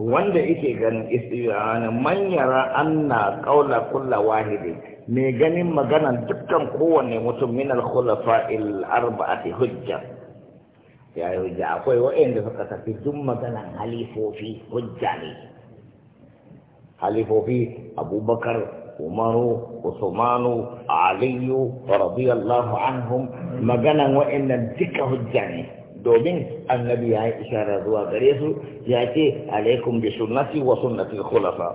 wanda yake ganin istiyana man yara anna qawla kullu wahidin me ganin maganan dukkan kowanne mutum min al khulafa al arba'ati hujja ya hujja akwai wa'anda suka tafi duk maganan halifofi hujja ne halifofi abubakar umaru usmanu aliyu radiyallahu anhum maganan wa'annan duka hujja ne دومين النبي عليه إشارة دوا قريسو عليكم بسنتي وسنة الخلفاء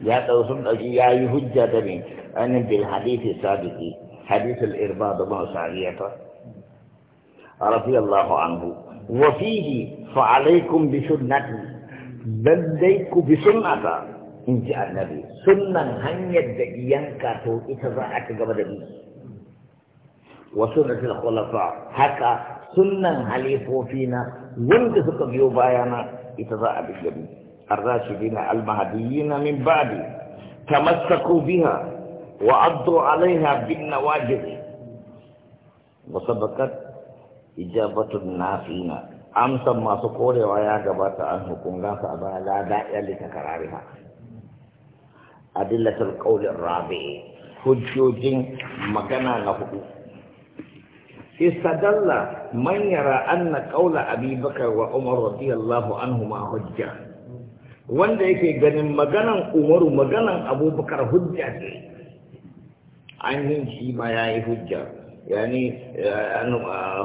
يا توسن يا يهجة دمين أن بالحديث السابق حديث الإرباد ما سعية رضي الله عنه وفيه فعليكم بسنتي بديك بسنة إن جاء النبي سنة هنيت بيانكا تو قبل النبي وسنة الخلفاء هكا سنة حليفوفينا وانت سكبيو بايانا اتضاء بالجميع الراشدين المهديين من بعد تمسكوا بها وعضوا عليها بالنواجد وسبقت إجابة النافينا أمسا ما سكوري ويا جبات عنه لا أبا لا دائع لتكرارها أدلة القول الرابع حجوج مكانا نفقه استدل من يرى أن قول أبي بكر وعمر anhu ma عنهما حجة wanda yake ganin maganan umaru maganan abubakar hujja ce an yi shi ma ya yi hujja yani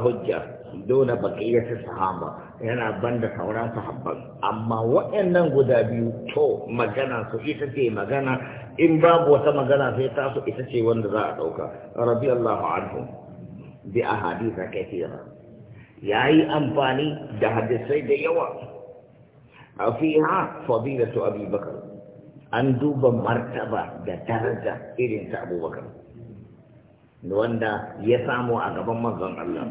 hujja dole baƙiyyar ta sahaba yana banda sauran sahabban amma waɗannan guda biyu to magana su ita ce magana in babu wata magana sai tasu ita ce wanda za a ɗauka rabiyallahu anhu bi ahadisa kathira yayi amfani da hadisai da yawa a fiha fadilatu abi bakar an duba martaba da daraja irin ta abubakar wanda ya samu a gaban manzon Allah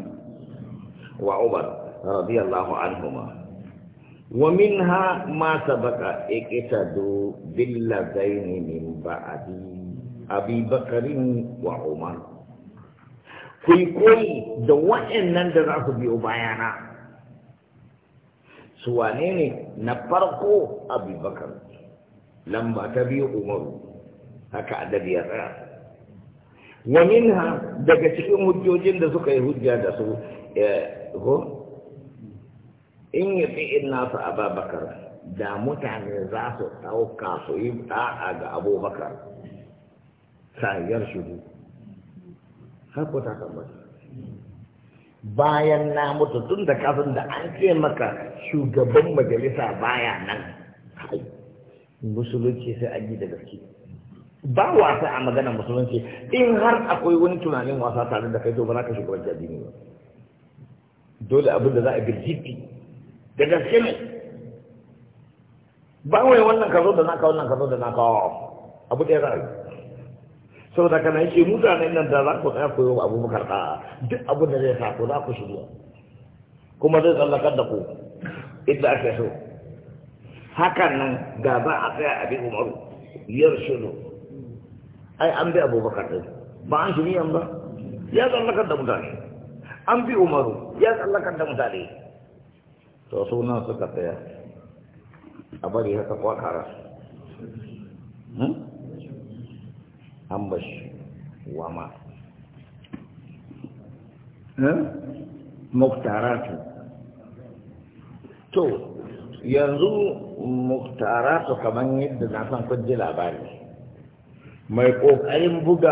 wa Umar radiyallahu anhuma wa minha ma sabaqa iqtadu bil ladaini min ba'di Abi wa Umar ku yi koyi da waɗannan da za su biyo bayana su wane ne na farko abubakar lamba ta biyu umaru haka adadi ya tsaya wani minha daga cikin hujjojin da suka yi hujja da su eh, ko in yi fi in nasu ababakar da mutane za su ɗauka su yi ta'a ga abubakar sayar shudu har ta tabbata bayan na mutu tun da kasan da an ce maka shugaban majalisa baya nan musulunci sai an yi da gaske ba wasa a magana musulunci in har akwai wani tunanin wasa tare da kai to ba za ka shugaban addini ba dole abin da za a birjifi da gaske ne ba wai wannan ka zo da naka wannan ka zo da naka abu ɗaya za a yi saboda kana yake mutanen nan da za ku tsaya koyo abu wa abubakar duk abin da zai sa ku za ku shirya kuma zai tsallakar da ku inda ake so hakan nan ga za a tsaya a bin umaru yar shiru ai an bi abubakar ɗin ba an shi niyan ba ya tsallakar da mutane an bi umaru ya tsallakar da mutane to su nan suka tsaya a bari haka kwakara hmm? an Wama, wa eh? ma muktaratu to yanzu muktaratu kamar yadda na san kun labari mai ƙoƙarin buga